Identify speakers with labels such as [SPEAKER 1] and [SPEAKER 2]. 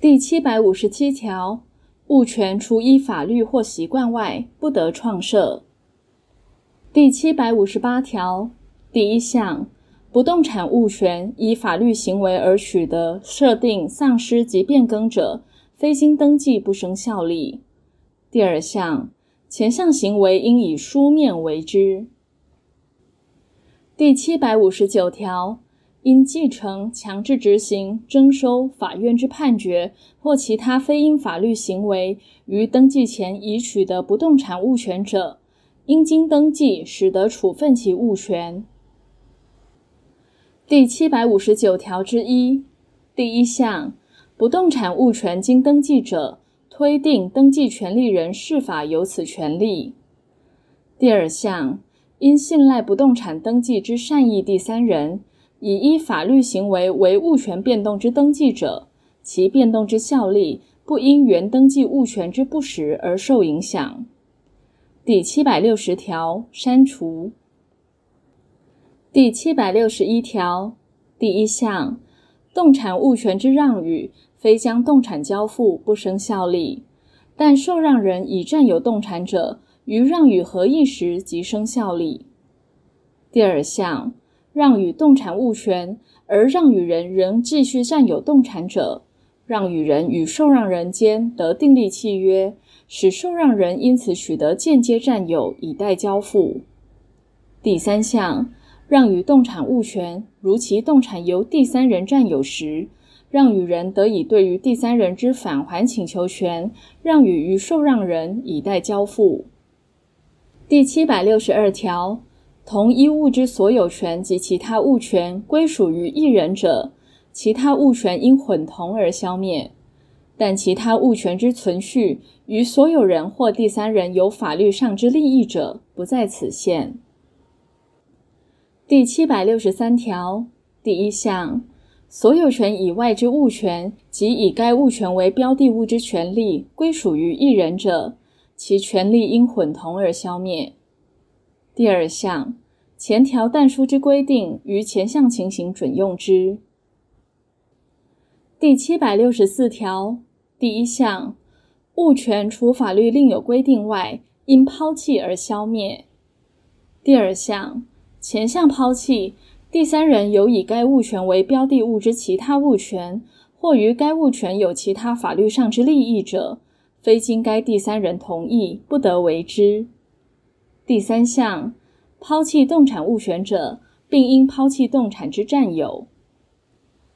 [SPEAKER 1] 第七百五十七條，物權除依法律或習慣外，不得創設。第七百五十八條第一項，不動產物權依法律行為而取得、設定、喪失及變更者，非經登記不生效力。第二項，前項行為應以書面為之。第七百五十九條。因繼承、強制執行、徵收、法院之判決或其他非因法律行為於登記前已取得不動產物權者，應經登記始得處分其物權。第七百五十九條之一第一項，不動產物權經登記者，推定登記權利人適法有此權利。第二項，因信賴不動產登記之善意第三人，已依法律行為為物權變動之登記者，其變動之效力不因原登記物權之不實而受影響。第七百六十條刪除。第七百六十一條第一項，動產物權之讓與，非將動產交付不生效力，但受讓人已占有動產者，於讓與合意時即生效力。第二項。讓與動產物權，而讓與人仍繼續占有動產者，讓與人與受讓人間得訂立契約，使受讓人因此取得間接占有，以待交付。第三項，讓與動產物權，如其動產由第三人占有時，讓與人得以對於第三人之返還請求權，讓與於受讓人，以待交付。第七百六十二條。同一物之所有權及其他物權歸屬於一人者，其他物權因混同而消滅，但其他物權之存續於所有人或第三人有法律上之利益者，不在此限。第七百六十三條第一項，所有權以外之物權及以該物權為標的物之權利歸屬於一人者，其權利因混同而消滅。第二項。前條但書之規定，於前項情形準用之。第七百六十四條第一項，物權除法律另有規定外，因拋棄而消滅。第二項，前項拋棄，第三人有以該物權為標的物之其他物權，或於該物權有其他法律上之利益者，非經該第三人同意，不得為之。第三項。拋棄動產物權者，並應拋棄動產之占有。